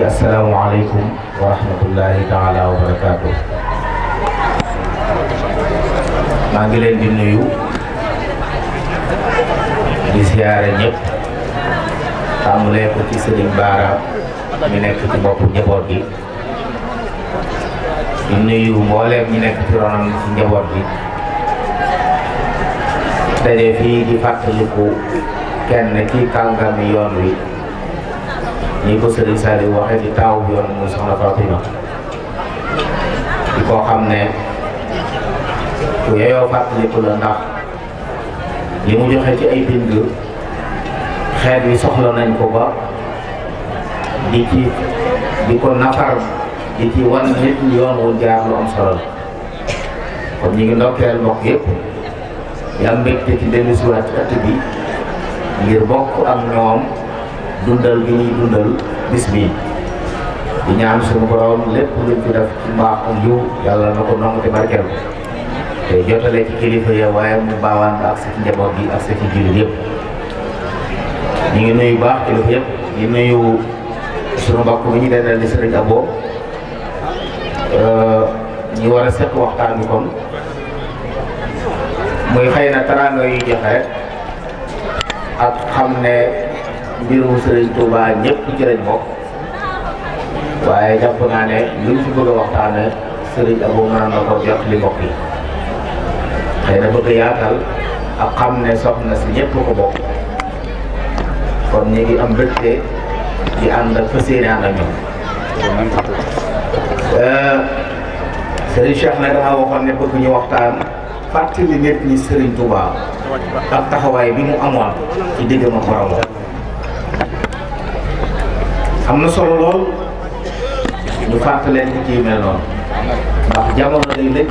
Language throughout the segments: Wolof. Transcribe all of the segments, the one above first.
yi asalaamualeykum wa rahmatullahi wa barakaatu maa ngi leen di nuyu di ziyaare ñëpp tàmbalee ko ci sëriñ Baara mi nekk ci boppu njaboot gi di nuyu mbooleem ñi nekk ci ronam ci njaboot gi daje fii di fàttaliku kenn ci kàngami yoon wi ni ko sëriñ Saliou waxe di taaw bi yoon mu soxna Fatima di ko xam ne ku yeyoo fàttaliku la ndax li mu joxe ci ay bind xeet wi soxla nañ ko ba di ci di ko nafar di ci wan nit ñi yoon wu jaar lu am solo kon ñu ngi ndokkeel mbokk yëpp yam mbégte ci dellu siwaat ëtt bi ngir bokk ak ñoom dundal gi ñuy dundal bis bii di ñaan suñu borom lépp luñ fi def mbaax ak yiw yàlla na ko nangu te barkeel te jotale ci kilifa ya waaye mu baawaan ak sa njaboot gi ak sa ci yëpp ñu ngi nuyu baax kilifa yëpp ñu nuyu suñu mbokk mi ñu dendal di sëriñ Abo euh, ñu war a seq waxtaan bi kon muy xëy na teraanga yu joxe ak xam ne mbirum sëriñ Touba ñëpp ci lañ bokk waaye jàpp naa ne luñ fi bëgg a waxtaane sëriñ Abou mën na ko jot li mbokk yi xëy na bëgg yaatal ak xam ne soxna si ñëpp ko bokk kon ñu am bëtte di ànd ak fas yéene ànd ak ñoom euh, sëriñ Cheikh nag dafa waxoon ne bëgg ñu waxtaan fàttali nit ñi sëriñ Touba ak taxawaay bi mu amoon ci digg ma boromam am na solo lool ñu fàttalante ci mel noonu ndax jamono day lépp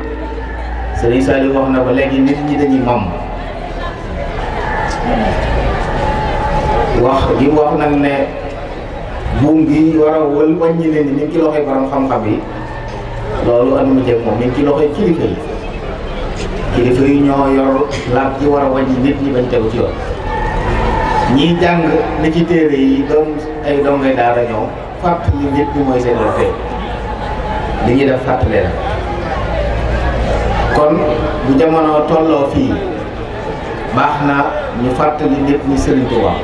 Serigne Saliou wax na ba léegi nit ñi dañuy mam wax li wax nag ne buum gi war a wël wàññi leen ni mi ngi ci loxoy borom xam-xam yi loolu anuma jëm moom mi ngi ci loxoy kilifa yi kilifa yi ñoo yor laaj ji war a wàññi ñi bañ tegu ci yoon ñiy jàng li ci téere yi doom ay dongay daara ñëw fàttali nit ñi mooy seen yoon li ñuy def fàttali la kon bu jamono tolloo fii baax na ñu fàttali nit ñi Sëriñ Tuubaa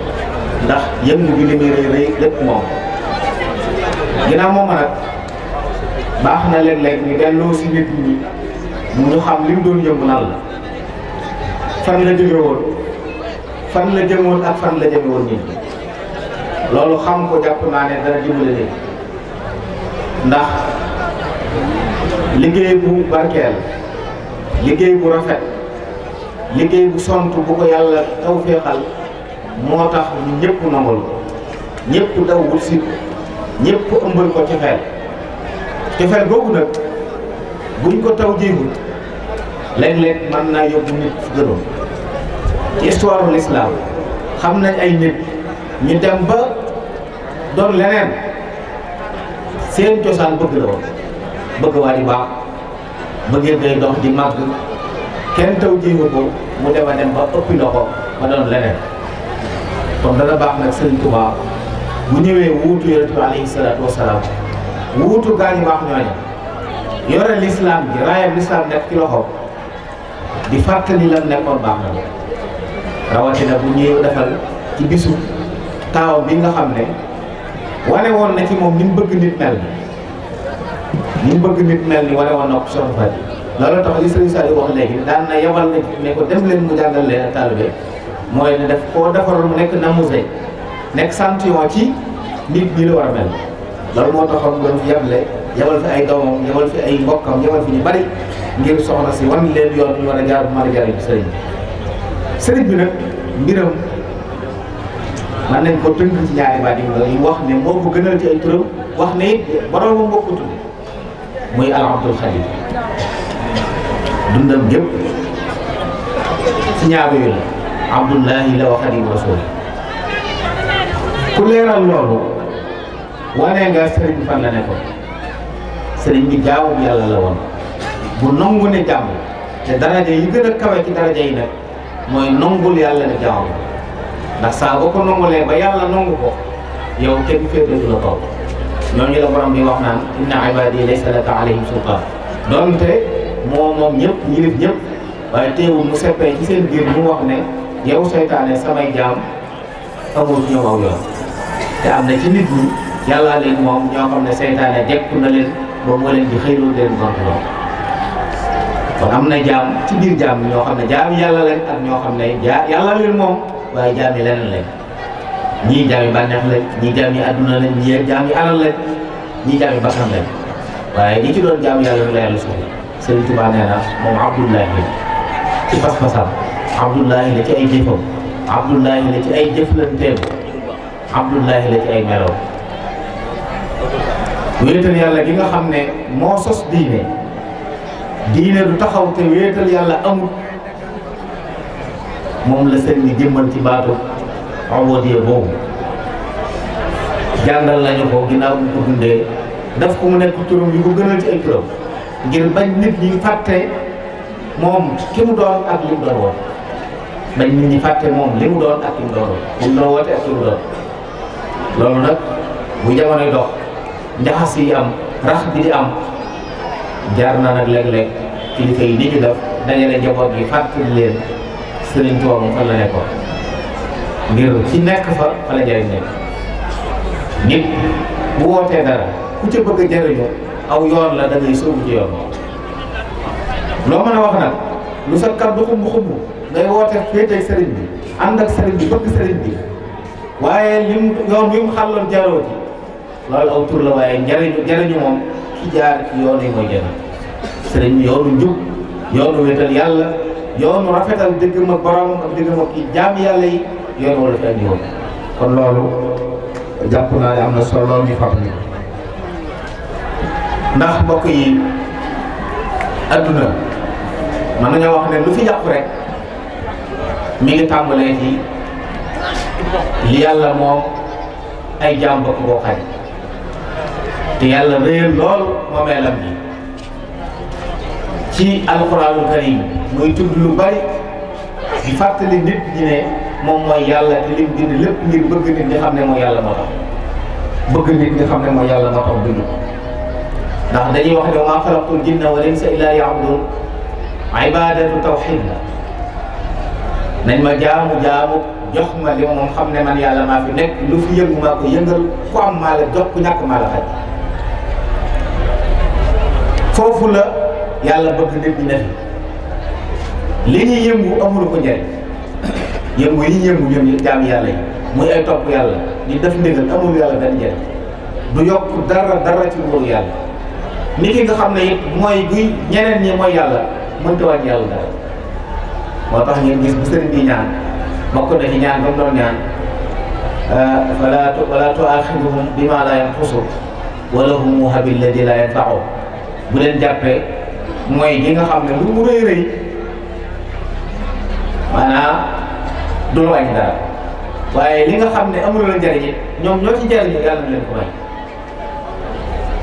ndax yëngu bi li rëy rëy moom ginnaaw moom nag baax na léeg-léeg ñu delloo si nit ñi ñu xam li mu doon yëngu lan la fan la jóge woon fan la jëmoon ak fan la jëme woon loolu xam ko jàpp naa ne dara dimbale leen ndax liggéey bu barkeel liggéey bu rafet liggéey bu sont bu ko yàlla tawféexal moo tax ñëpp nangul ñëpp daw wut si ñëpp ko ci xel ci googu nag buñ ko taw jiwul léeg-léeg mën naa yóbbu nit gënoon ci histoire l'islam xam nañ ay nit ñu dem ba doon leneen seen cosaan bëgg la woon bëgg waa di baax bëggee day dox di màgg kenn taw jéego ko mu dem ba ëppi loxo ba doon leneen kon dana baax nag Sëriñ Tuubaa bu ñëwee wuutu yonent bi alayhi salaatu wuutu gaa ñu baax ñooñu yore lislaam bi raayam lislaam nekk ci loxo di fàttali lam nekkoon baax na rawatina bu ñëwee defal ci bisu taawam bi nga xam ne wale woon na ci moom ni mu bëgg nit mel ni mu bëgg nit mel ni wane woon na ko soxna Faty loolu tax li Sëriñ Saliou wax léegi daan na yabal na ne ko dem leen mu jàngal leen ak taalibe mooy ne def koo defaroon mu nekk namuse nekk santion ci nit ñi la war a mel loolu moo taxoon mu doon fi yable yabal fi ay doomam yabal fi ay mbokkam yabal fi ñu bari ngir soxna si wan leen yoon ñu war a jaar bu mën a jariñ sëriñ bi sëriñ bi nag mbiram mën nañ ko tënk ci ñaari baat yi wax ne moo ko gënal ci ay turam wax ne it borom moom bokkut muy al abdul dundam gépp ci ñaar yooyu la abdullahi la wa xadim ku leeral loolu wane nga sëriñ fan la nekkoon sëriñ bi jaamu yàlla la woon bu nangu ne jàmm te daraja yi gën a kawe ci daraja yi nag mooy nangul yàlla ne jaamu ndax saa boo ko nangulee ba yàlla nangu ko yow kenn féetatu la kaw ñooñu la borom bi wax naan inna ibadi laysa laka alayhim sultaan donte moom moom ñëpp ñilif ñëpp waaye teewul mu seppee ci seen biir mu wax ne yow seytaane samay jaam amul ñëw yoon te am na ci nit ñi yàllaa leen moom ñoo xam ne seytaane jekku na leen ba moo leen di xëyloo leen gont lool kon am na jaam ci biir jaam ñoo xam ne jaam xam ne jaa yàlla leen moom waaye jaami leneen lañ ñii jaami bànneex lañ ñii jaami adduna lañ ñii jaami alal lañ ñii jaami bakkan lañ waaye ñi ci doon jaam yàlla rek la yàlla soxla Sëriñ Tuubaa nee na moom Abdullahi la ci pas-pasam Abdullahi la ci ay jëfam Abdullahi la ci ay jëflanteem Abdullahi la ci ay meloom wéetal yàlla gi nga xam ne moo sos diine diine du taxaw te wéetal yàlla amul moom la sëñ bi jëmmal ci baatu awodiye boobu jàngal lañu ko ginnaaw bu ko dundee daf ko mu nekk turam yu ko gënal ci ay turam ngir bañ nit ñi moom ki doon ak li mu doon loolu nag bu jamonoy dox njaxas yi am rax bi di am jaar na nag léeg-léeg kilifa yi ni ñu def dajale njaboot yi fàttali leen Sëriñ Tuubaa moom fan la nekkoon ngir ci nekk fa fa la njëriñ nekk nit bu wootee dara ku ca bëgg a aw yoon la da ngay sóobu ci yoon loo mën a wax nag lu sa kàddu xumb xumb ngay woote féetee sëriñ bi ànd ak sëriñ bi bëgg sëriñ bi waaye lim yoon wi mu xàlloon jaroo loolu aw tur la waaye njëriñu njëriñu moom ki jaar ci yoon yi mooy jëriñ sëriñ yoonu njub yoonu wéetal yàlla. yoonu rafetal dëggam ak boromam ak dëggam ak i jaam yàlla yi yoon wala fi andi kon loolu jàpp naa ne am na solo loolu ñu fàttali ndax mbokk yi adduna mën nañoo wax ne lu fi yàqu rek mi ngi tàmbalee ci li yàlla moom ay jaam bokk boo xañ te yàlla réer lool moomeelam bi ci alxuraanu karim muy tudd lu bari di fàttali nit ñi ne moom mooy yàlla te lim bind lépp ngir bëgg nit ñi xam ne mooy yàlla moo tax bëgg nit yàlla moo ndax dañuy wax ne wa maa xalaqtul jinna wal insa illaa liya'buduun ibaadatu tawxiid la nañ ma jaamu jaamu jox ma li moom xam ne man yàlla maa fi nekk lu fi yëngu maa ko yëngal ku am maa la jox ku ñàkk maa la xaj foofu la yàlla bëgg nit ñi ne li ñuy yëngu amul ko njëriñ yëngu yi ñuy yëngu ñoom jaam yàlla yi muy ay topp yàlla di def ndigal amul yàlla benn njëriñ du yokk dara dara ci nguuru yàlla nit ki nga xam ne it mooy buy ñeneen ñi mooy yàlla mënta wàññi yàlla dara moo tax ngeen gis bu sëriñ bi ñaan bokk na ci ñaan ba mu doon ñaan euh, wala wala tuaxiduhum bima la yanqusu wa lahum wahabi alladi la yanfa'u bu leen jàppee mooy gi nga xam ne lu mu rëy rëy maanaam du la dara waaye li nga xam ne amul la njëriñ ñoom ñoo ci njëriñu yàlla na leen ko may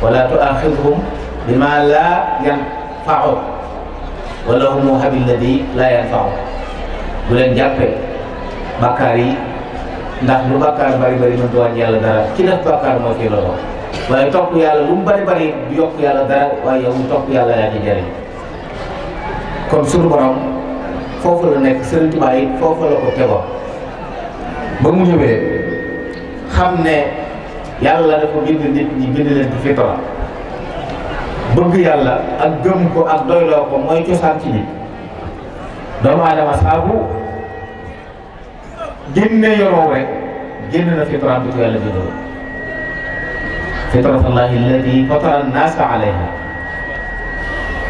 wala tuaxidhum bima laa yanfa'u wala humu habilladi laa yanfa'u bu leen jàppee bàkkaar yi ndax lu bàkkaar bari bari mënut wàññi yàlla dara ci def bàkkaar moo ci loroo waaye topp yàlla lu mu bari bari yokk yàlla dara waaye yow topp yàlla yaa ngi jëriñ kon suñu borom foofu la nekk Sëriñ foofu la ko tegoo ba mu ñëwee xam ne yàlla dafa bind nit ñi bind leen ci bëgg yàlla ak gëm ko ak doyloo ko mooy cosaan ci nit doomu aadama saabu génne yoroo rek génn na fitraam bi ko yàlla bindoo فطرة الله التي فطر الناس عليها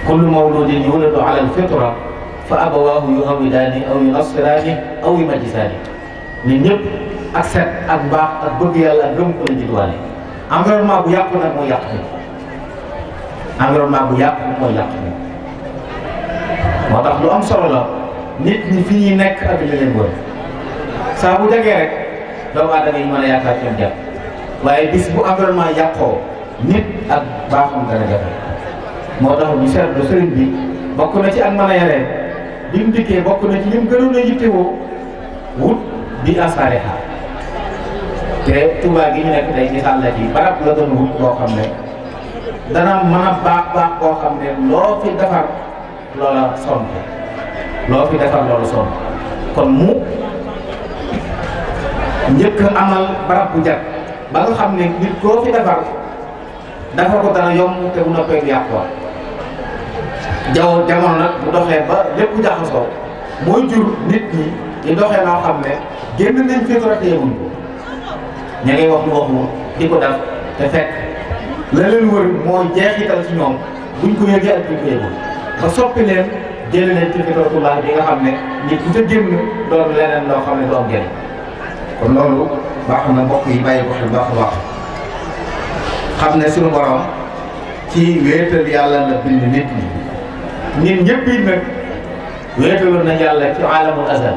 كل مولود يولد على الفطرة فأبواه يهودانه أو ينصرانه أو يمجسانه ñun ñëpp ak set ak mbaax ak bëgg yàlla ak gëm ko la jëlwaale environnement bu yàqu nag mooy yàq nit environnement bu yàqu mooy yàq nit moo tax lu am solo la nit ñi fi ñuy nekk ak li leen wër saa bu jagee rek doomu aadama yi mën a yaakaar ñoom jàpp waaye bis bu environnement yàqoo nit ak baaxam dana moo tax ñu seetlu sëriñ bi bokk na ci ak mën a yare bi mu dikkee bokk na ci lim gënoon a yittewoo wut di asaaliha te Tuubaa gi ñu nekk day ci sàlla barab la doon wut boo xam ne dana mën a baax baax boo xam ne loo fi defar loola sonn lool fi defar loola sonn kon mu njëkk amal barab bu jag ba nga xam ne nit koo fi defar dafa ko dana yomb te bu noppee yàqoo jaww jamono nag bu doxee ba lépp jaxasoo mooy jur nit ñi di doxee noo xam ne génn nañ fitra te yëguñ ko ña ngay wax ñu wax mu di ko def te fekk la leen wër mooy jeexital ci buñ ko yëgee ak buñ ko yëgul ba soppi leen jëlee leen ci fitratullah bi nga xam ne nit bu ca doon leneen loo xam ne du am kon loolu baax na mbokk yi bàyyi ko xel baax a xam ne suñu borom ci wéetal yàlla la bind nit ñi nit ñëpp it nag wéetaloon nañ yàlla ci alamul azal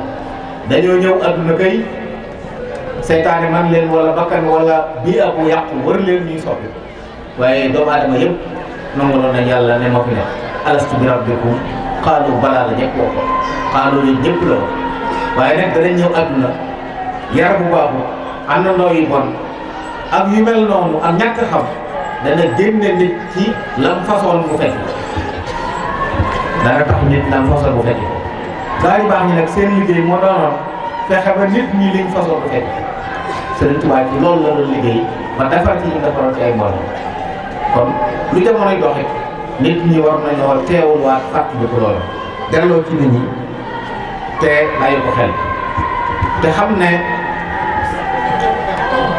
dañoo ñëw adduna kay seytaane man leen wala bakkan wala bii ak yàqu wër leen ñuy soppi waaye doomu aadama yëpp nangaloon nañ yàlla ne ma fi ne alastu bi rabbikum xaalu balaa la ñëpp woo ko xaalu ñëpp la waaye nag danañ ñëw adduna yar àndandoo yu bon ak yu mel noonu ak ñàkk xam dana génne nit ci lam façon bu fekk dana tax nit lam façon bu fekk gaa baax ñi nag seen liggéey moo doonoon fexe ba nit ñi liñ façon bu fekk Sëriñ Tuubaa ci loolu la doon liggéey ba defar ci ñu defaroon ci ay mbooloo kon lu jamonoy doxe nit ñi war nañoo teewul waat fàttali ko loolu delloo ci nit ñi te bàyyi ko xel te xam ne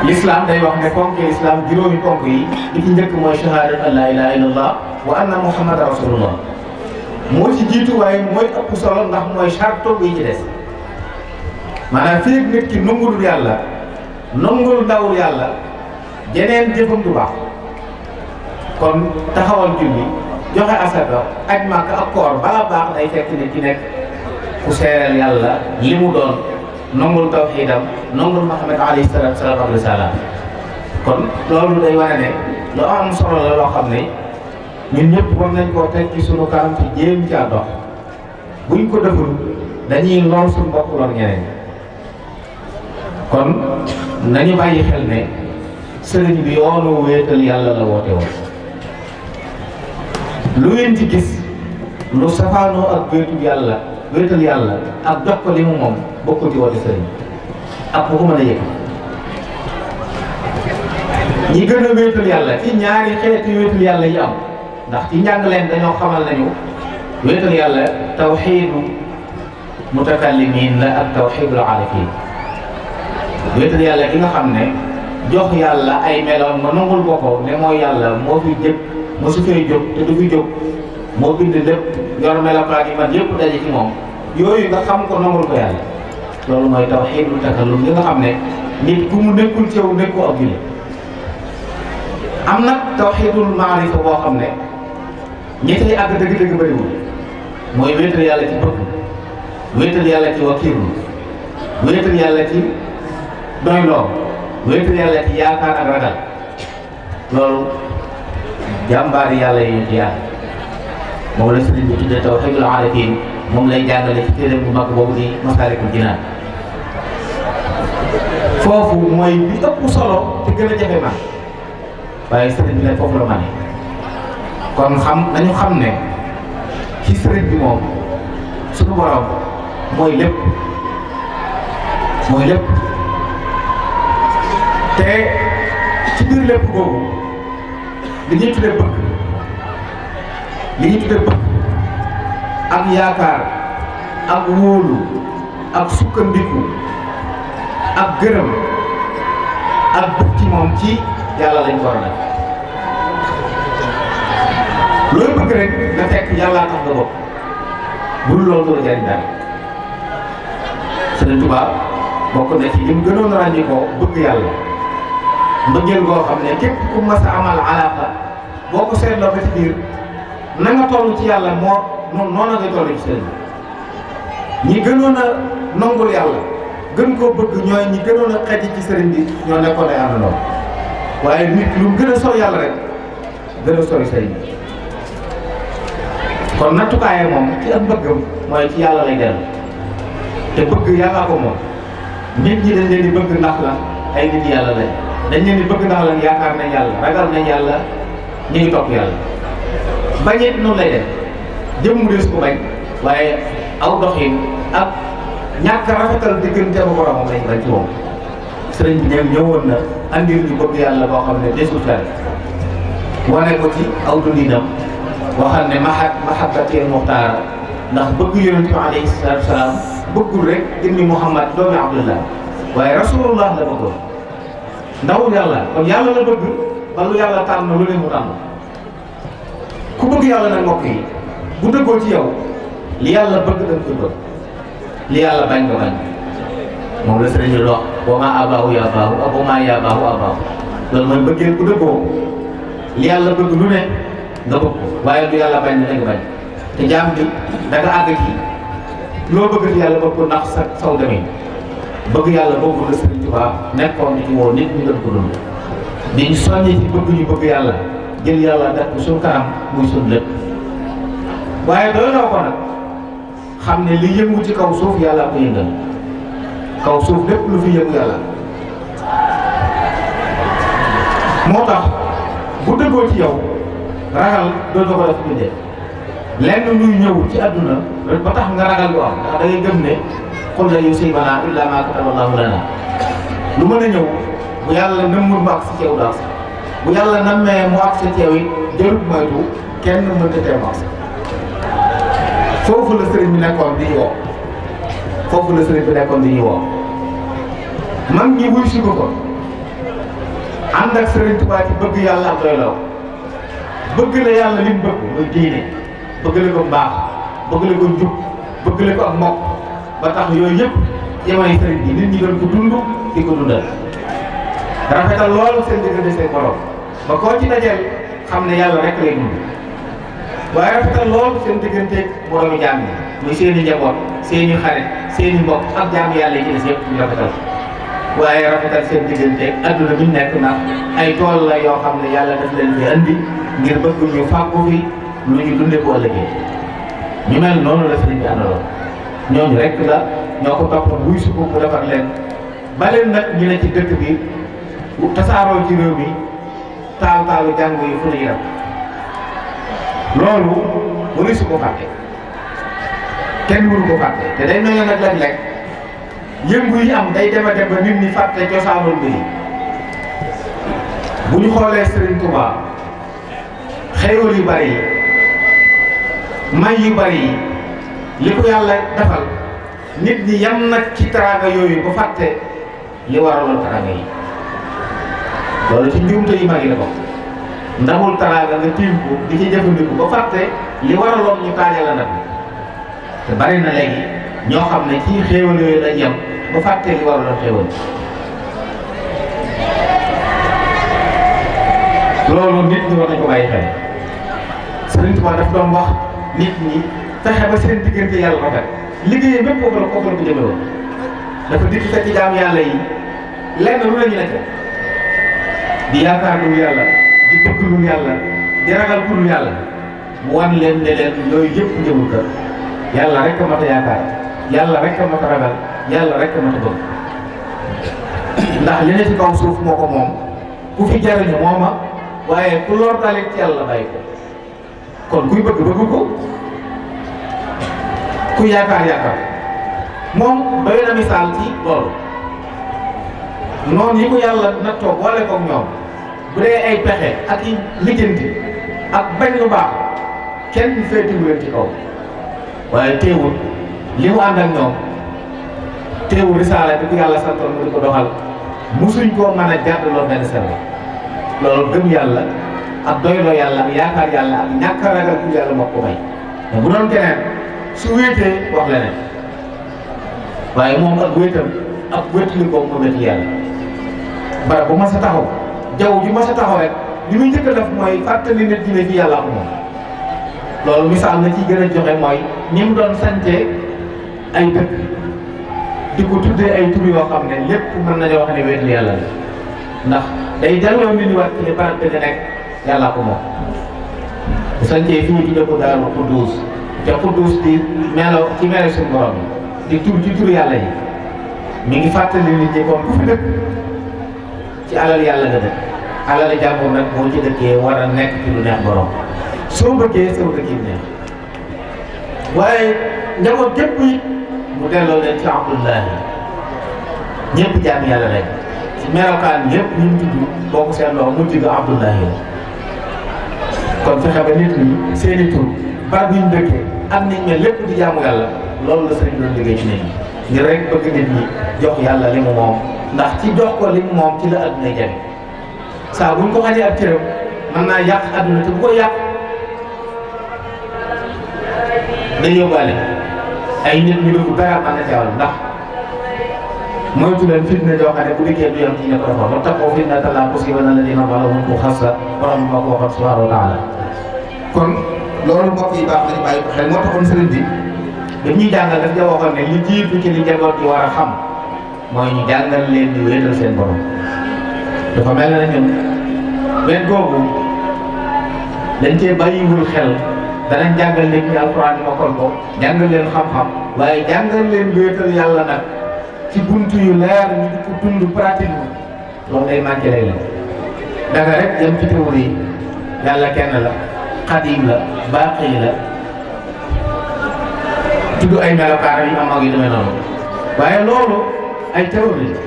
lislaam day wax ne ponk l'islam juróomi ponk yi li ci njëkk mooy shahadat an la ilaha illallah wa anna muhammad rasulullah moo ci jiitu mooy ëpp solo ndax mooy sarto yi ci des maanaam fii nit ki nangul yàlla nangul dawul yàlla jeneen jëfam du baax kon taxawal julli joxe asaka aj màkk ak koor bala baax day fekk nit ki nekk ku seereel yàlla li mu doon nongul tawxiidam nongul Muhammad alayhi salaatu salaam ak risalaam kon loolu day wane ne lu am solo la loo xam ne ñu ñëpp wa nañ koo teg ci sunu kanam ci jéem caa dox buñ ko deful dañuy lor suñu mbokk lor ñeneen kon nañu bàyyi xel ne sëriñ bi yoonu wéetal yàlla la woote woon lu ngeen gis lu safaanoo ak wéetu yàlla. wéetal yàlla ak jox ko li mu moom bokkul ci woote sëriñ ak bu mën a yëg ñi gën a wéetal yàlla ci ñaari xeeti wéetal yàlla yi am ndax ci njàng leen dañoo xamal nañu wéetal yàlla tawxiidu mutakallimiin la ak tawxiidul aarifiin wéetal yàlla ki nga xam ne jox yàlla ay meloom ma nangul ko ne mooy yàlla moo fi jëkk moo su fee jóg te du fi jóg moo bind lépp yor melokaan yi man yëpp daje ci moom yooyu nga xam ko nangul ko yàlla loolu mooy tawxiidul takallum li nga xam ne nit ku mu nekkul ci yow nekku ab jullit am nag tawxiidul maarifa boo xam ne ñi tey àgg dëgg-dëgg bëriwul mooy wéetal yàlla ci bëgg wéetal yàlla ci wakiirlu wéetal yàlla ci doyloo wéetal yàlla ci yaakaar ak ragal loolu jàmbaari yàlla yi ñu ci yàlla moom la sëriñ bi tuddee tawhiidul aarifiin moom lay jàngale ci téere bu mag boobu di Masaalikul Jinaan foofu mooy bi ëpp solo te gën a jafe ma waaye sëriñ bi nag foofu la ma ne kon xam nañu xam ne ci sëriñ bi moom suñu borom mooy lépp mooy lépp te ci biir lépp boobu li ñuy tuddee bëgg li ñu bëgg ak yaakaar ak wóolu ak sukkandiku ak gërëm ak bëgg ci moom ci yàlla lañ ko war a def looy bëgg rek nga fekk yàllaa tax nga ci li mu gënoon ràññikoo bëgg yàlla mbëggeel goo xam ne képp ku mas a amal alaaka boo ko seetloo ba ci biir. na nga toll ci yàlla moo noonu noonu la ngay ci sëriñ bi ñi gënoon na nangul yàlla gën koo bëgg ñooy ñi gënoon a xëj ci sëriñ bi ñoo nekkoon ay àndandoo waaye nit lu mu gën a sori yàlla rek gën a sori sëriñ bi kon nattukaaye moom ci ak bëggam mooy ci yàlla lay dellu te bëgg yàllaa ko moom nit ñi dañ leen di bëgg ndax la ay nit yàlla lañ dañ leen di bëgg ndax lan yaakaar nañ yàlla ragal nañ yàlla ñu topp yàlla bañeet noonu lay def jëmm des ko bañ waaye aw doxin ak ñàkk rafetal diggante ak boromam lañ bañ ci moom ñëwoon na andir ñu bëgg yàlla boo xam ne desul tari wane ko ci aw dundinam waxal ne maha mahabbatil muxtaara ndax bëgg yonente bi alayhi salaatu wasalaam bëggul rek indi Muhammad doomi Abdullah waaye rasulullah la bëggoon ndaw yàlla kon yàlla la bëgg ba lu yàlla tànn lu leen mu tànn ku bëgg yàlla nag mbokk yi bu dëggoo ci yow li yàlla bëgg da ko bëgg li yàlla bañ nga bañ moom la sëriñ bi wax wa yaa baahu wa loolu mooy bëggee ku dëggoo li yàlla bëgg lu ne nga bëgg ko waaye lu yàlla bañ nga bañ te jaam bi da àgg ci loo bëgg ci yàlla bëgg ko sa saw demee bëgg yàlla boobu la sëriñ Tuubaa nekkoon ci woo nit ñu doon ko dund di ñu soññee ci bëgg ñu bëgg yàlla. jël yàlla def ko suñu kanam muy suñu lépp waaye doy loo ko nag xam ne li yëngu ci kaw suuf yàlla ko kaw suuf lépp lu fi yëngu yàlla moo tax bu dëggoo ci yow ragal dootoo ko def bindee lenn luy ñëw ci àdduna rek ba tax nga ragal lu am ndax da ngay gëm ne qul lan yusiibanaa illaa maa kataba Allaahu lanaa lu mën a ñëw bu yàlla nëmmul mbaax si ceew daal bu yàlla nammee mu ak sa teew yi jarut moytu kenn mënta témoins foofu la sëriñ bi nekkoon di ñu woo foofu la sëriñ bi nekkoon di ñu woo mag ñi wuy si ko ko ànd ak sëriñ Tuubaa ci bëgg yàlla ak doy law bëgg la yàlla lim bëgg muy diine bëgg la ko mbaax bëgg la ko njub bëgg la ko ak mokk ba tax yooyu yëpp yemay sëriñ bi nit ñi doon ko dund di ko dundal rafetal loolu seen diggante seen borom ba koo ci dajeel xam ne yàlla rek lay dund waaye rafetal lool seen digganteeg boroomi jaam yi muy seen i njaboot seen i xarit seen i mbokk ak jaam yàlla yi ci des yëpp rafetal waaye rafetal seen digganteeg adduna bi ñu nekk ndax ay tool la yoo xam ne yàlla daf leen fi andi ngir bëgg ñu fàggu fi lu ñu dundee ko ëllëgee ñu mel noonu la sëriñ bi àndaloon ñooñu rek la ñoo ko topp buy sukk bu defar leen ba leen nag ñu ne ci dëkk bi tasaaroo ci réew taal taalu jàng yi fu ñu dem loolu mënu ko fàtte kenn mënu ko fàtte te day mel ne nag léeg-léeg yëngu yi am day dem a dem ba nit ñi fàtte cosaanul bi bu ñu xoolee Serigne Touba xéewal yu bari yi may yu bari yi li ko yàlla defal nit ñi yam nag ci teraanga yooyu ba fàtte li waraloon teraanga yi. loolu ci njuumte yu mag yi la ko ndamul teraanga nga tiim ko di ci jëfandiku ba fàtte li waraloon ñu taajal la ndam te bari na léegi ñoo xam ne ci xéewal yooyu lañ yem ba fàtte li waraloon xéewal loolu nit ñi war ko bàyyi xel Sëriñ Tuubaa daf doon wax nit ñi fexe ba seen diggante yàlla rafet liggéeyee mépp kooku la kooku la ko jëmewoon dafa dikk fekk jaam yàlla yi lenn lu la ñu nekk di yaakaar lu yàlla di bëgg lu yàlla di ragal ku yàlla mu wan leen ne leen yooyu yëpp jëmul kër yàlla rek a mat a yaakaar yàlla rek a ragal yàlla rek a bëgg ndax li kaw suuf moo ko moom ku fi jariñu mooma waaye ku lor dalit yàlla bàyyi ko kon kuy bëgg bëgg ko ku yaakaar yaakaar moom doy na misaal ci loolu noonu yi ko yàlla nattoo boole koog ñoom bu dee ay pexe ak i lijjanti ak bañ lu baax kenn féetewu leen ci kaw waaye teewul li mu ànd ñoom teewul risaala bi yàlla santoon mu di ko doxal musuñ koo mën a jàdd loolu benn sell yàlla ak doyloo yàlla ak yaakaar yàlla ak ñàkk a ragal yàlla moo ko may te bu doon keneen su wéetee wax leneen waaye moom ak wéetam ak wéetali ko mu yàlla barab bu mas a taxaw jaww ji ma a taxaw rek li mu jëkk a def mooy fàttali nit ñi ne fii yàlla ko moom loolu misaal na ciy gën a joxe mooy ñi mu doon sante ay dëkk di ko tuddee ay tur yoo xam ne lépp mën nañu wax ne wéetu yàlla la ndax day delloo nit ñi wax ci ne barab bi nekk yàlla ko moom bu sancee fii di jëkko daaru Xudduus te Xudduus di melo ci melo suñu borom di tur ci tur yàlla yi mu ngi fàttali nit ñi kon ku fi dëkk ci alal yàlla nga dëkk alal jàmbur nag boo ci dëkkee war a nekk ci lu neex borom soo bëggee soo dëkkee neex waaye njaboot gépp yi mu delloo leen ci abdullahi ñëpp jaam yàlla lañ ci melokaan yëpp ñu tudd boo ko seetloo mu tudd abdullahi kon fexe ba nit ñi seen lépp di jaamu yàlla loolu la sëriñ doon liggéey ci nit ñi ngir rek bëgg nit ñi jox yàlla li mu moom ndax ci jox ko lim moom ci la adduna jëriñ saa buñ ko xañee ab cëram mën naa yàq adduna te bu ko yàq day yóbbaale ay nit ñu dugg dara mën na jawal ndax moytu leen fitna joo xam ne bu dikkee du yam ci ña ko defoon ba taxaw fitna te laa tusiibanna llaziina zalamu minkum xaassa borom moo ko waxoon subhaanahu wa taala kon loolu mbokk yi baax nañu bàyyi ko xel moo war a xam mooy ñu jàngal leen di wéetal seen borom dafa mel na ñun wéet googu dañ cee bàyyiwul xel danañ jàngal leen ñu alxuraan mokkal ko jàngal leen xam-xam waaye jàngal leen wéetal yàlla nag ci buntu yu leer ñu di ko dund pratiquement loolu day manqué lay la danga rek la noonu waaye loolu ay terroristes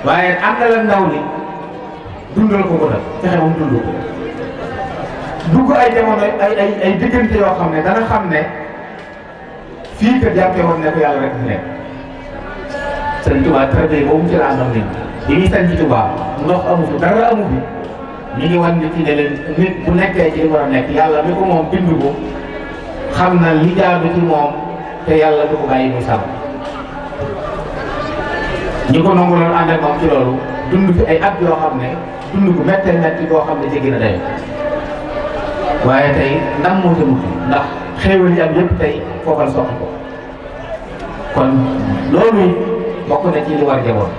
waaye àndalal ndaw li dundal ko ko def fexe moom dundal ko dugg ay jamono ay ay ay diggante yoo xam ne dana xam ne fii kat jàppee woon ne yàlla rek fi nekk sëñ Tuubaa traité boobu ci la àndal nit ñi ñuy sëñ Tuubaa ndox amu fi dara ñu ngi wan nit ñi ne nit bu nekkee ci li war a nekk yàlla mi ko moom bind ko xam na li jaadu ci moom te yàlla du ko bàyyi muy ñi ko nangu loolu ànd moom ci loolu dund fi ay at yoo xam ne dund bu méttee métti koo xam ne jéggi na day waaye tey ndam moo ndax xéewal yi am yëpp tey foofa la soxla ko kon loolu bokk na ci li war jaboot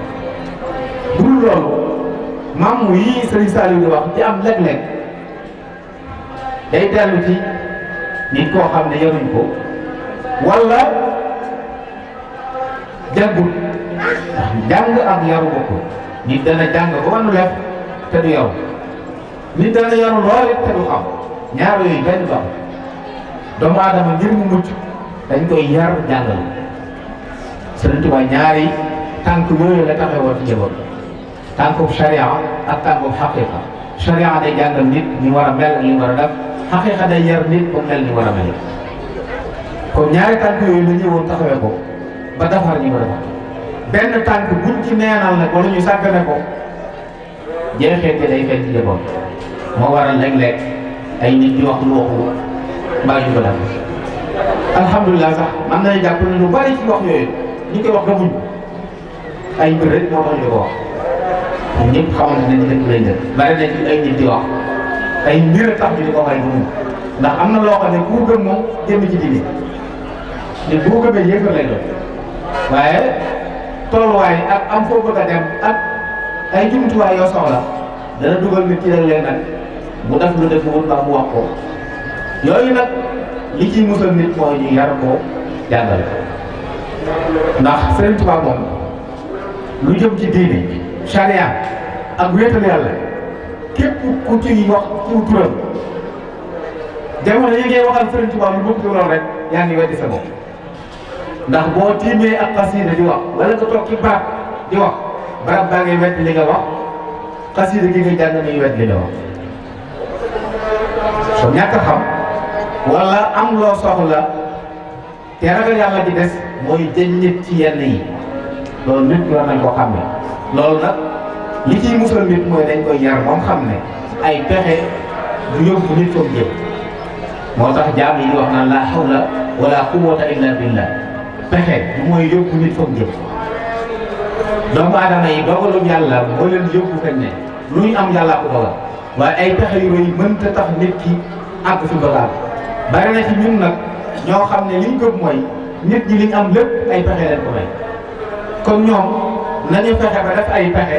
bu dul loolu maam yi Serigne Saliou di wax ci am léeg-léeg day dellu ci nit koo xam ne yaruñ ko wala jàngul jàng ak yaru bokkul nit dana jàng ba mën lef te du yaru nit dana yaru lool te du xam ñaar yooyu benn ba doomu koy yar ñaari tànk yooyu la taxawoo ci njaboot tànkub sharia ak tànkub xaqiqa sharia day jàngal nit ñu war a mel ak war a def xaqiqa day yar nit ba mel ni war a mel kon ñaari tànk yooyu la ñëwoon taxawee ko ba defar ñu war a benn tànk buñ ci neenal nag wala ñu sàggane ko jeexeete day fekk njaboot moo waral léeg-léeg ay nit di wax lu waxul mbaa ko def alhamdulilah sax man nañu jàpp ne lu bari ci wax yooyu ñu koy wax gëmuñ ay mbir moo tax ñu ko wax ñun ñëpp xamal nañ ne dëkk lay def bari nañ ci ay nit di wax ay mbir tax ñu di ko waxee gëmuñ ndax am na loo xam ne ku gëm moom jëm ci diine nit bu ko gëmee yëngal lay doon waaye. tolluwaay ak am foo bëgg ay jumtuwaay yoo soxla dana dugal nit ci leen nag mu def lu def wut ba mu wax ko yooyu nag li ciy musal nit mooy ñu yar ko jàngal ndax Sëriñ Tuubaa moom lu jëm ci diini charia ak wéetal yàlla képp ku ci wax ku turam jamono yi ngay waxal Sëriñ Tuubaa lu bëgg yaa ngi weddi sa ndax boo tiimee ak xasida di wax wala nga toog ci di wax barab baa ngay wet li nga wax xasida gi ngay jàng ni wet li nga wax so ñàkk a xam wala am loo soxla te ragal yàlla di des mooy jëñ nit ci yenn yi loolu nit war nañ ko xam ne loolu nag li ciy musal nit mooy dañ koy yar moom xam ne ay pexe du yóbbu nit foofu jëm moo tax jaam yi di wax naan la hawla wala quwwata illa billah pexe mooy yóbbu nit fa mu jëm doomu aadama yi dogalum yàlla moo leen yóbbu fenn lu ñu am yàllaa ko dogal waaye ay pexe yu rëy mënta tax nit ki àgg fi mu dogal bari na ci ñun nag ñoo xam ne liñ gëm mooy nit ñi liñ am lépp ay pexe leen ko kon ñoom nañu pexe ba def ay pexe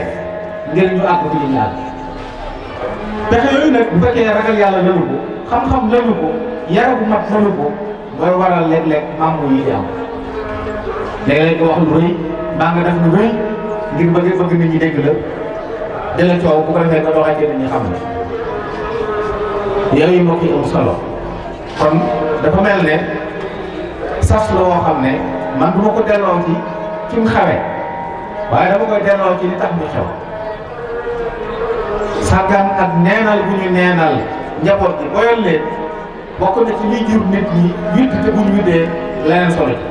ngir ñu àgg fi ñu ñaar pexe yooyu nag bu fekkee yàlla lënu ko xam-xam lënu ko yara bu mat lënu ko mooy waral léeg-léeg maamu yi am léeg-léeg nga wax lu rëy mbaa def lu rëy ngir bëgg bëgg nit dégg la dala coow bu ko defee nga doxee nit xam ne yooyu moo koy am solo kon dafa mel ne sas la woo xam ne man du ma ko delloo ci fi mu waaye dama koy delloo ci li tax mu xew sàggan ak neenal bu ñu neenal njaboot gi boyal leen bokk na ci liy jur nit ñi witt te bu ñu wittee leneen solo ci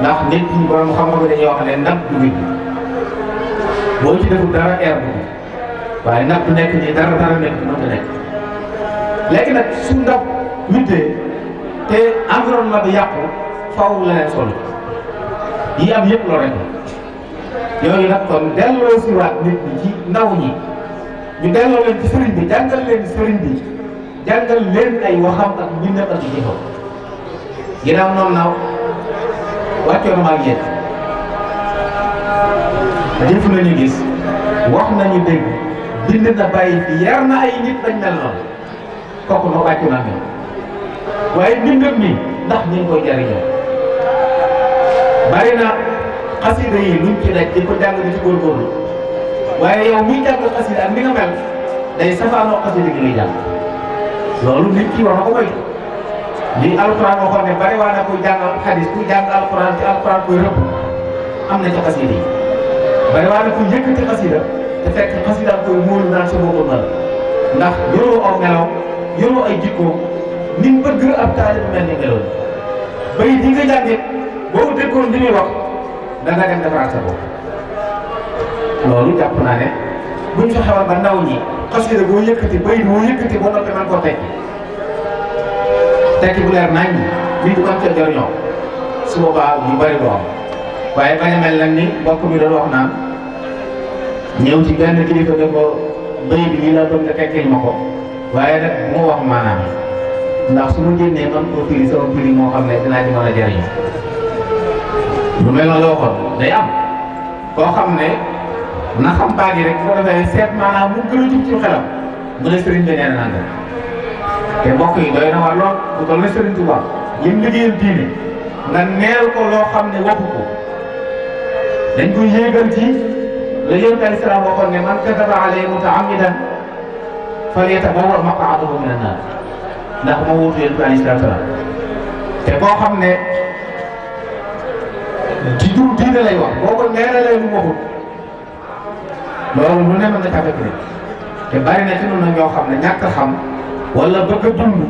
ndax nit ñi borom xam-xam dañuy wax ne natt bi boo ci deful dara eer ko waaye natt nekk nii dara dara nekk mënta nekk léegi nag su ndaw wittee te environnement bi yàqu faaw la leen sol yi am yëpp loo rek yooyu nag kon delloo si waat nit ñi ci ndaw ñi ñu delloo leen ci bi jàngal leen sëriñ bi jàngal leen ay waxam ak mbindam ak jëfam ginnaaw noonu naaw wàccoo na ma ak nañu gis wax nañu dégg bind na bàyyi fi yar na ay nit dañ mel noonu kooku ma wàccu mel waaye mbindam mi ndax ñu ngi koy jariñoo bari na xasida yi luñ ci daj di ko jàng di ci góorgóorlu waaye yow muy jàng xasida ak ni nga mel day safaanoo xasida gi ngay jàng loolu nit ki war na ko moytu li alquran waxoon ne bari waa na kuy jàng xadis kuy jàng alquran ci alquran koy rëbb am na ci xasida yi bari waa na kuy yëkkati xasida te fekk xasida koy móolu naan sa boppam ndax yoroo aw melaw yoroo ay jikkoom ni mu bëgg ab taalib mel ni meloon bay di nga jàngit boobu dëkkoon li muy wax da nga dem defaraat sa bopp loolu jàpp naa ne buñ fexewoon ba ndaw ñi xasida boo yëkkati bay boo yëkkati boo noppi man koo tekki tekki bu leer nañ nit ku ko am ca jëriñoo su boobaa yu bëri du am waaye bañ a mel nag ni mbokk mi doon wax naan ñëw ci benn kilifa ne ko béy bi lii la bëgg nga tekkil ma ko waaye nag moo wax maanaam ndax su ma génnee man koo firi sama firi moo xam ne dinaa ci mën a jëriñu lu mel noonu la waxoon day koo xam ne na xam baat yi rek bu ko defee seet maanaam mu gën a jub ci xelam mu ne sëriñ bi nee na te mbokk yi doy na ma lool ku toll ne Serigne Touba lim liggéeyal diine nga neel ko loo xam ne waxu ko dañ ko yéegal ci la yonent alayhi salaam waxoon ne man kadaba alayya mutaammidan falyatabawwa maqaadahu mina naar ndax ma wuutu yonent alayhi salaam te boo xam ne ci du diine lay wax boo ko neeralee lu waxut loolu lu ne mën na ca te bari na ci noonu ñoo xam ne ñàkk xam. wala bëgg a dund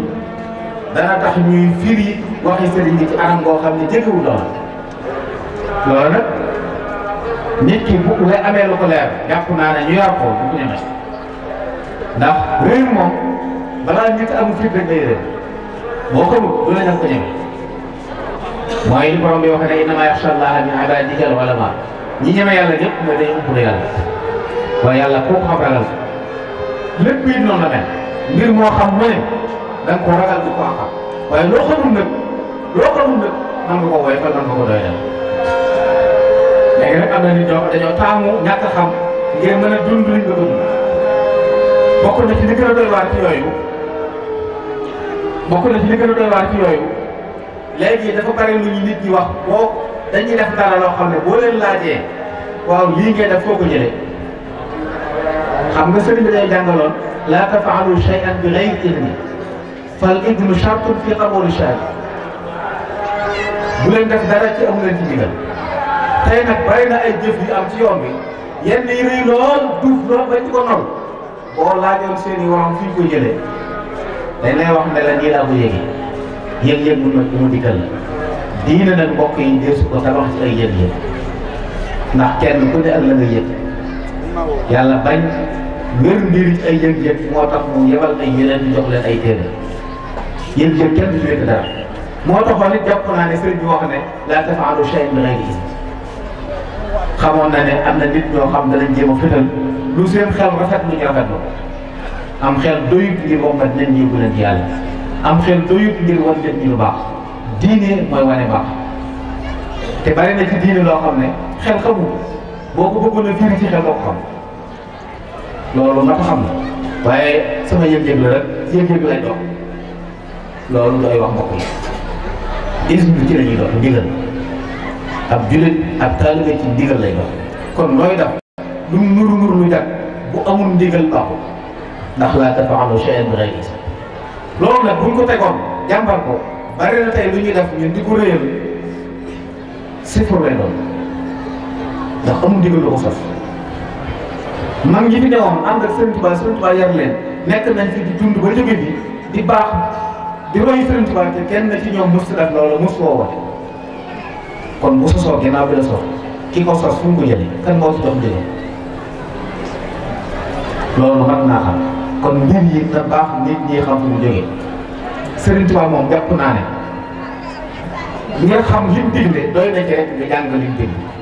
dana tax ñuy firi waxi sëriñ bi ci anam goo xam ne jéggiwu doon loolu nag nit ki bu lay amee lu leer jàpp naa ne ñu yar ko bu ko ñeme ndax réew moom balaa nit amul fit rek lay réer boo ko wut du la ko ñeme mooy li borom bi wax ne innamaa yaxsha llaaha min ibaadihi l-ulamaa ñi ñeme yàlla ñëpp mooy dañu ëpp yàlla waaye yàlla kooku xam ragal lépp it noonu la mel. mbir moo xam mu ne da nga koo ragal di ko xam waaye loo xamul nag loo xamul nag man nga koo woyofal man nga ko doyal léegi nag am na nit ñoo dañoo taamu ñàkk xam ngir mën a dund liñ nga na li gën yooyu bokk na dafa bari lu wax dañuy def dara loo xam ne boo leen laajee waaw lii def foo ko jëlee nga sëriñ bi day jàngaloon. laa tafaalu shay'an bi ghayri idni fal idnu shartun fi qabuli shay bu leen def dara ci amu leen ci tey nag bari na ay jëf yu am ci yoon yi lool duuf lool ba ci ko noonu boo laajoon seen i waroon fi ñu ko jëlee dañ lay wax ne la nii laa ko yëgee yëg-yëg mu nag mu dikkal la diine nag mbokk yi deesu ko tabax ci ay yëg-yëg ndax kenn ku ne ak la nga yàlla bañ wér mbir ay yëg-yëg moo tax mu yebal ay yeneen di ay téere yëg-yëg kenn du wér dara moo taxoon it jàpp naa ne sëriñ bi wax ne laa tafaalu shay'an bi xamoon na ne am na nit ñoo xam danañ jéem a seen xew rafet lu ñu rafetlu am xel doyut ngir wombat nit ñi bu leen yàlla am xel doyut ngir wan nit ñi lu baax diine mooy wane baax te bari na ci diine loo xam ne xel xamul boo ko bëggoon a firi ci xel doo xam. loolu mat xam waaye sama yëg la rek yëg-yëg wax mbokk yi ab jullit ab ci ndigal kon looy def lu mu nuru nuru lu jag bu amul ndigal baaxul ndax laa tafaalu shay'an bi ghayri loolu nag buñ ko tegoon jàmbar ko bari na tey lu ñuy def ñun di ko réyal si problème doon ndax amul ndigal lu ko sos mag ñi fi newoon ànd ak Sëriñ Tuubaa leen nekk nañ fi di dund ba jóge fi di baax di roy Sëriñ Tuubaa te kenn ci ñoom mosut ak loolu mosut woo wax kon bu sosoo ginnaaw bi la sos ki ko sos fu mu ko jëlee kan moo ci jox jëlee loolu mat naa xam kon mbir yi na baax nit ñi xam fu mu moom jàpp naa ne nga xam lim digle doy na ci rek nga jàng lim digle.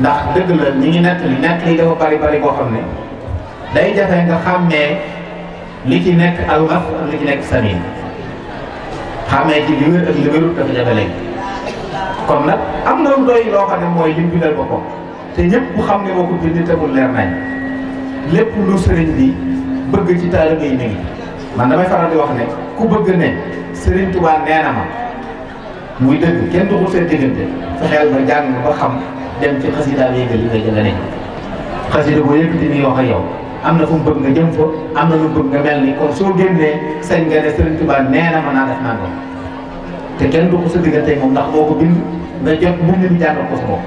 ndax dëgg la ñi ngi nett li nett li dafa bari bari boo xam ne day jafe nga xàmmee li ci nekk alxaf ak li ci nekk samin xàmmee ci li wér ak li dafa jafe léegi kon nag am na lu doy loo xam ne mooy lim bindal boppam te ñëpp bu xam ne moo ko bind te mu leer nañ lépp lu sëriñ bi bëgg ci taalibe yi mi ngi man damay faral di wax ne ku bëgg ne sëriñ Tuubaa nee na ma muy dëgg kenn duxul seen diggante fexeel ba jàng ba xam dem ci xasidaam yëngal li nga ne xasida boo yëkkati nii wax ak yow am na fu mu bëgg nga jëm fa am na lu mu bëgg nga mel ni kon soo génnee sañ nga ne Sëriñ Tuubaa nee na mën naa def naa te kenn du ko sa diggante moom ndax boo ko bind nga jot bu ñu jàngal ko sa bopp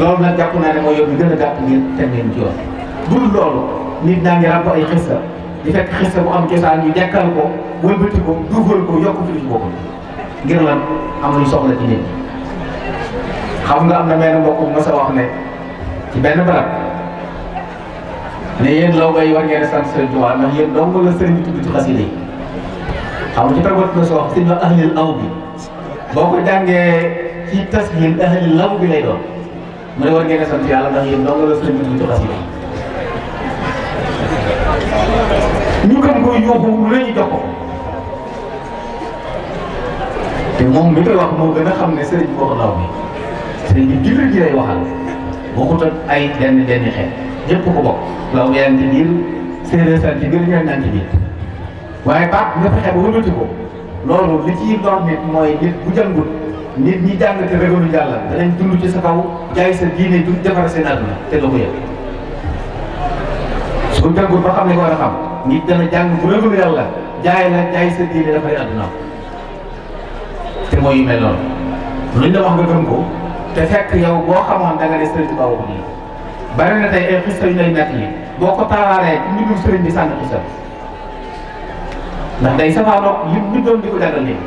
loolu nag jàpp naa ne mooy yoon bi gën a gàpp ngir te ngeen ci yoon bu dul loolu nit naa ngi ràbb ay xista di fekk xista bu am cosaan ñu dekkal ko wëlbati ko duufal ko yokk ci xam nga am na benn mbokk mu sa wax ne ci benn barab ne yéen law bay war ngeen sant Sëriñ Tuubaa ndax yéen dong la sëriñ bi tudd ci xasida yi xam nga ci tagot na soo wax sëñ la ahlil aw bi boo ko jàngee ci tasmin ahlil law bi lay doon mu te moom mi wax moo gën a xam ne sëriñ bi wax law sëñ bi jullit ji lay waxal bokkut ak ay denn denn xeet ñëpp ko bokk law yaa ngi ci biir séeréer san ci biir loolu li ciy doon nit mooy nit bu jàngut nit ñi jàng te ragalu yàlla danañ dund ci sa kaw jaay sa diine du defar seen àdduna te doo ko yëg su jàngut ba xam ne ko war a xam nit dana jàng bu ragalu yàlla jaay la jaay sa diine dafa àdduna te mooy yu mel luñ la nga gëm ko te fekk yow boo xamoon da nga ne sëriñ Tuubaa waxul lii bari na tey ay xista yu ñuy nekk yi boo ko taaraalee ci mbindum sëriñ bi sànni xista ndax day safaanoog li mu doon di ko jàngal léegi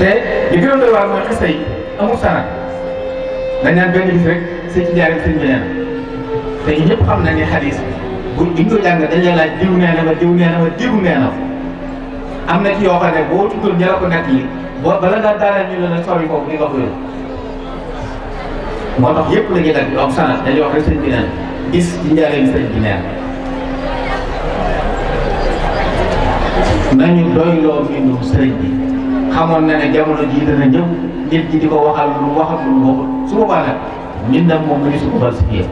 te li gën a doy waar mooy xista yi amul sanad dañ naan benn rek si ci jaarim sëriñ bi nee na te ñëpp xam nañ ne xadiis bu buñ jàng dañ la laaj diw nee na diw nee na am na ci yoo xam ne boo tuddoon ña la ko nekk yi boo bala ngaa daaneel ñu ne la sori kooku di nga xuyul moo tax yëpp la ñuy dagg donc sanat dañuy wax rek bi naan gis ci njaareem bi neen nañu doy loo mbindum sëriñ bi xamoon na ne jamono jii dana ñëw nit ñi di ko waxal lu waxal lu waxul su boobaa nag moom la ñu su ko falsifié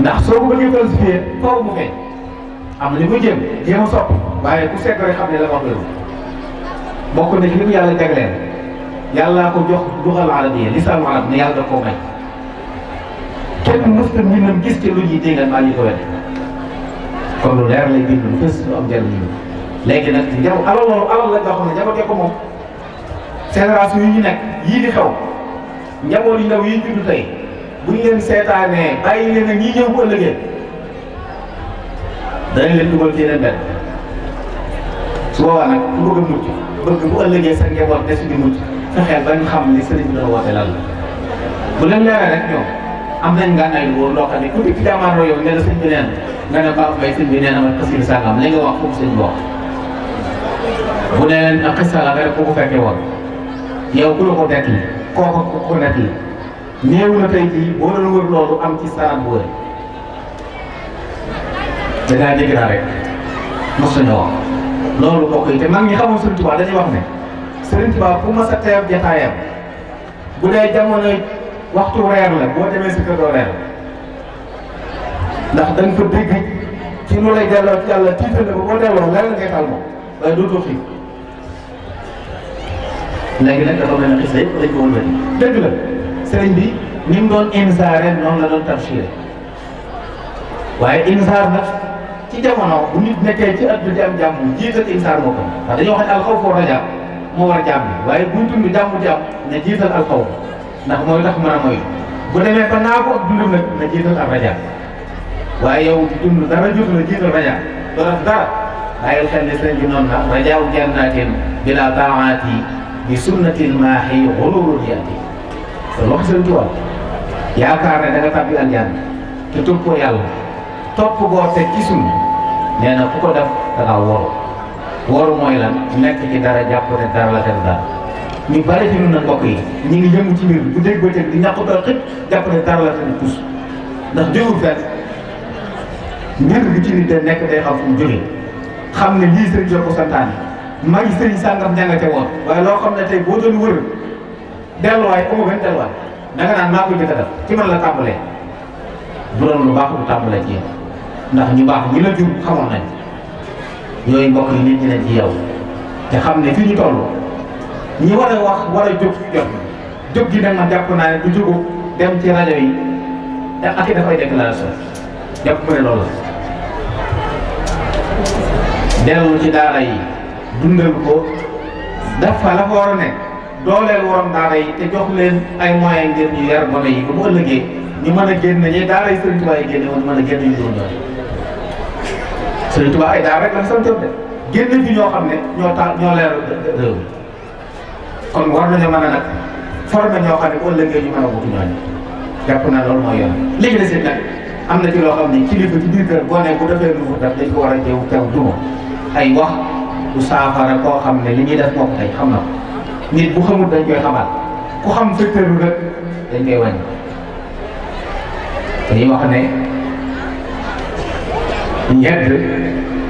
ndax soo ko bëggee falsifié foofu mu feeñ am na ñu ko jéem jéem a soppi waaye ku segg xam ne la wax la bokk na ci li mu yàlla jagleel yàllaa ko jox duxal arabiya lisaanu arab ne yàlla da koo may kenn mësta mbindam gis ci lu ñuy déggal maa ñu ko wet kon lu leer lay bind lu fës lu am jël ñu léegi ne ko moom génération ñu nekk yii di xew yu ndaw yi bu ñu leen seetaanee bàyyi leen ak ñi ñëw bu ëllëgee danañ leen dugal ci yeneen benn su boobaa nag ku bëgg a mucc bëgg bu ëllëgee sa njaboot def di mujj fexeel ba ñu xam li sëriñ bu la woote lan la bu leen leeree rek ñoom am nañ ngànnaay lu wóor loo xam ne ku dikk jàmmaaroo yow ne la bi neen nga ne baax bay sëñ bi nee na ma xasida sàngam li nga wax foofu sëñ bi bu ne leen ak xista la nga rek woon yow ko nekk li kooku ku ko nekk li am ci saan bu dangaa dégg naa rek mosuñu wax loolu mbokk yi te mag ñi xamoon Serigne Touba dañuy wax ne Serigne Touba bu ma sa teew jataayam bu dee jamono waxtu reer la boo demee si kër doo reer ndax da nga fa ci lu lay delloo ci yàlla tiital na ba boo delloo leneen ngay tal moom waaye du xiif léegi nag dafa mel ne xis yëpp dañ dëgg la sëriñ bi ni mu doon insaare noonu la doon tafsiré waaye insaar nag. ci jamono bu nit nekkee ci at bi di am jàmm jiital insaan boppam ndax dañoo wax ne alxawf war a jàmm moo war a jàmm waaye bu dund jàmm jàmm ne jiital alxawf ndax mooy tax mën a moy bu demee ba naa ko ak dundam nag na jiital ak raja waaye yow dund dara jotu la jiital raja doo def dara bàyyil xel ne sëñ bi noonu la rajaaw jannatin bila taaati bi sunnatil maaxi xulurul yàtti kon wax sëñ Tuubaa yaakaar ne da nga tàbbi aljanna te toppoo yàlla topp goo teg ci suñu nee na ku ko def danaa woru woru mooy lan nekk ci dara jàpp ne dara la def daal ñu bari ci ñun nag mbokk yi ñu ngi yëngu ci mbir bu dégg bëccëg di ñàkk doon xëj jàpp ne dara la def puus ndax jógul fenn mbir bi ci nit de nekk day xam fu jógee xam ne lii sëriñ jor ko santaane mag sëriñ sàngam ña nga ca woon waaye loo xam ne tey boo doon wër delluwaay amoo benn delluwaay da nga naan maa ko jëkk ci man la tàmbalee bu doon lu baax ndax ñu baax ñi la jur xamoon nañ yooyu mbokk yi nit ñi ci yow te xam ne fi ñu toll ñi war a wax war a jóg jot jóg gi nag man jàpp naa ne du jógu dem ci rajo yi te ak dafay déclaration jàpp mu ne loolu la dellu ci daara yi dundal ko dafa la fa war a nekk dooleel waroon daara yi te jox leen ay moyens ngir ñu yar gone yi ba ëllëgee ñu mën a génne ñi daara yi Serigne Touba yi génne woon mën a génne ñu doon daal Serigne ay daara rek la santoon de génne fi ñoo xam ne ñoo taal ñoo leer réew mi kon war nañu mën a nag former ñoo xam ne bu ëllëgee ñu mën a wutu ñooñu jàpp naa loolu mooy yoon léegi de seen nag am na ci loo xam ne kilifa ci biir kër gone bu defee lu mu def dañ ko war a teew teew duma ay wax du saafara koo xam ne li ñuy def moom tey xam na ko nit bu xamul dañ koy xamal ku xam secteur bi dañ koy wàññi dañuy wax ne ñedd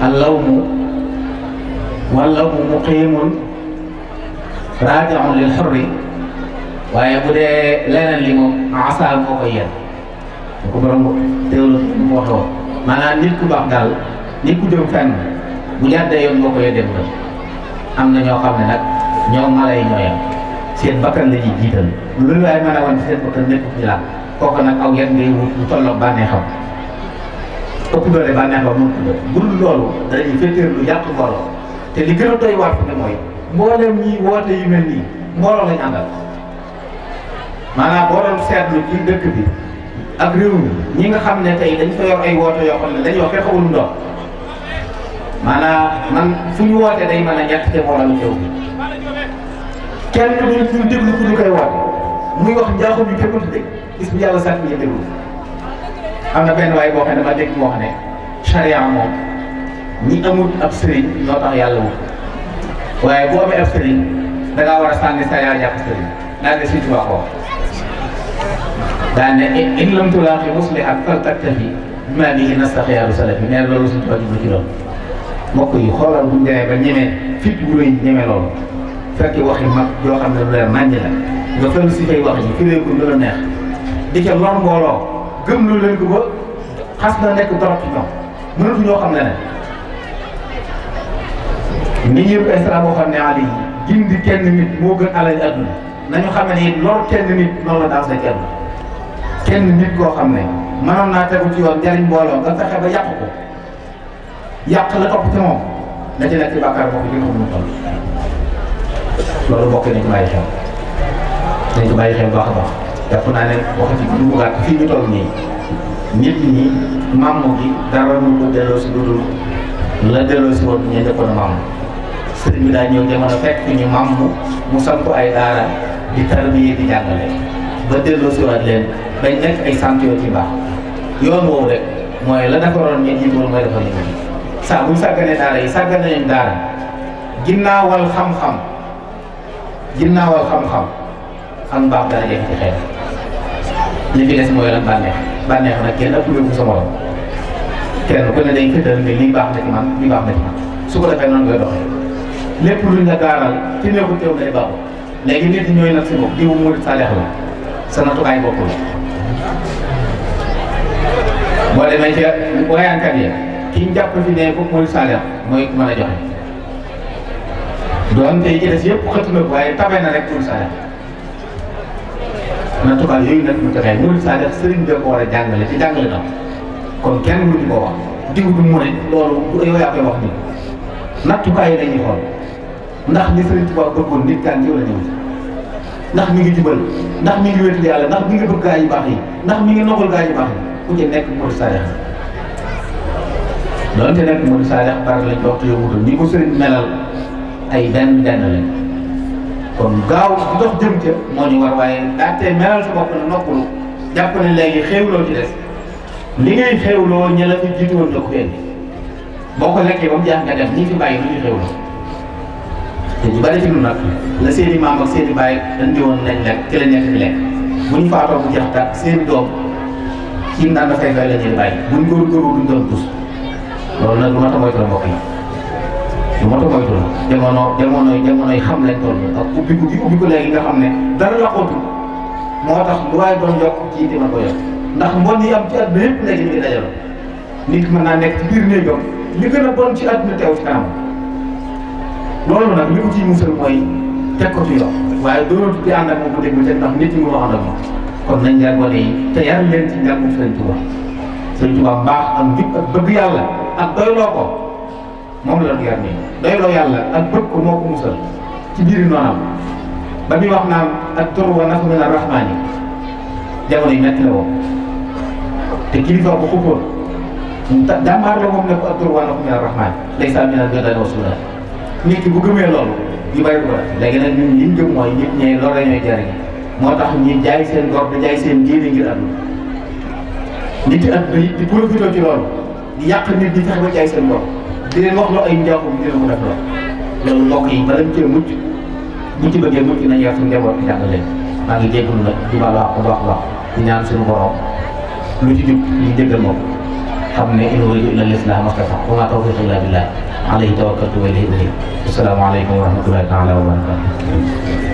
allawmu wallawmu muqiimun raajaun lil xurri waaye bu dee leneen li moom asa moo koy yen bu ko borom teewlu mu waxe woon maanaam nit ku baax daal nit ku jëm fenn bu jàddee yoon moo ko yedee bu am na ñoo xam ne nag ñoo mala yi ñoo yem seen bakkan la ñuy jiital lu lu waaye mën a wan seen bakkan nekk ci laal kooku nag aw yan ngay wut lu tolloog bànneexam ëpp doole bànneex ba mën ko doon bu dul loolu lu yàq mbooloo te li gën a doy waar fu ne mooy mboolem ñi woote yu mel nii mbooloo lañ àndal maanaam boo doon seetlu ci dëkk bi ak réew mi ñi nga xam ne tey dañ fa yor ay woote yoo xam ne dañuy wax xawul ndox maanaam man fu ñu wootee day mën a ñett te mbooloo la ñëw kenn duñ déglu ku ñu koy woote muy wax njaaxum yu képp dégg bis bu yàlla sàkk yëpp déglu am na benn waay boo xam ne ma dégg moo ne charia ñi amul ab sëriñ ñoo tax yàlla wu waaye boo amee ab sëriñ da war a sànni charia jàpp sëriñ daal ne suñ tubaab wax daal ne xoolal bu ñu ba ñemee fit bu ñeme loolu fekk waxi mag yoo xam ne lu leer naññ la nga fël si fay wax ji firee ko lu la neex di ca mbooloo gëm lu leen ba xas na nekk trop ci ñoom mënatu ñoo xam leneen nit ñëpp extra boo xam ne ali gindi kenn nit moo gën alal àdduna nañu xam ne it lor kenn nit noonu la dansé kenn naa tegu ci yoon jariñ mbooloo nga ba yàq ko yàq la topp ci moom na ci nekk ci bokk ci nga loolu bokk nañ bàyyi xel nañ bàyyi xel baax a jàpp naa ne waxati duugaat fii ñu toll nii nit ñi màmm gi dara mu ko delloo si dudul la delloo si woon ñu njëkkoon a màmm sëriñ bi daa ñëw jamono fekk ñu màmm mu samp ay daara di tarbiye di jàngale ba delloo si waat leen dañ nekk ay sant yoo ci baax yoon woowu rek mooy la naka waroon ñeent ñi doon mooy dafa nit ñi saa buñ sàgganee daara yi sàggane nañ ginnaawal xam-xam ginnaawal xam-xam am baax dara jëf ci xeet li fi des mooy lan bànneex bànneex nag kenn ak ku sa morom kenn ku ne day fëtal ne su ko defee lépp luñ la gaaral ci léegi nit ñooy nag si bopp jiwu mu sa leex la sa natukaay bopp boo demee ca wayaankat yi ki jàpp fi ne mooy sa leex mooy ku mën a joxe doon tey ci des yëpp xëtu na waaye tabe na rek pour sa nattukaay yooyu nag ñu joxee murid saadix sëriñ bi ko war a jàngale ci jàngale na kon kenn mënu di ko wax diw du mu ne loolu yow yaa koy wax nii nattukaay yi dañuy xool ndax li sëriñ Tuubaa bëggoon nit kan yow la ñëw ndax mi ngi jubal ndax mi ngi wéetal yàlla ndax mi ngi bëgg gaa yu baax yi ndax mi ngi nogal gaa yu baax yi ku ci nekk murid saadix doonte nekk murid saadix par lañ wax yow wutal ñi ko sëriñ melal ay benn benn lañ kon gaaw ndox jëm ca moo ñu war waaye daa tey melal sa bopp ne jàpp ne léegi xéewloo ci des li ngay xéewloo ña la fi jiitu woon da ko fenn boo ko lekkee ba mu jeex nga def ñi fi bàyyi lu ñu xéewloo te ñu bari ci lu nag la seeni maam ak seeni bàyyi dañ di woon lekk ci la nekk fi lekk bu ñu faatoo bu jeex tak seeni doom ci naan dafay fay la ñuy bàyyi buñ góorgóorlu duñ doon tus loolu nag lu ma tamoy tala mbokk yi lu mot a moytu la jamono jamonoy jamonoy xam lañ toll ak ubbi ko nga xam ne dara laqootu moo tax lu waay doon yokk ci itti mën ko yokk ndax mbon yi am ci àdduna yëpp léegi ñu ngi nit mën naa nekk ci biir néegam li gën a bon ci àdduna teew ci kanam loolu nag li ko ciy musal mooy teg ko ci yoon waaye doonatu di ànd ak moom bu déglu te ndax nit ñi mënoo ànd ak kon nañ yar gone yi te yar leen ci njàngum Sëriñ Tuubaa Sëriñ Tuubaa mbaax ak njub ak bëgg yàlla ak doyloo ko moom la ñu yar nii doyloo yàlla ak bëgg ko moo ko musal ci biir noonam ba muy wax naa ak tur wa nafu min arrahmaani jamono yi metti la woon te kilifa ko xuppoon jàmbaar la moom ne ko ak tur wa nafu min arrahmaani laysa min al-birri wa nit ki bu gëmee loolu ñu bàyyi ko def léegi nag ñun liñ gëm mooy nit moo tax ñi jaay seen gor di jaay seen diine ngir di profité ci loolu di yàq nit ñi fexe ba jaay seen gor di leen wax loo ay njaaxum di leen mën a doon loolu mbokk yi bala ñu cee mucc bu ci bëggee mucc nañ yar suñu njaboot bi jàng leen maa ngi wax lu ci jub ñu jégal moom xam ne in uriidu illal islaaha mastata'tu wa maa tawfiiqii illaa billaah alayhi wa ilayhi uniib assalaamu wa rahmatullaahi taala wa barakaatuh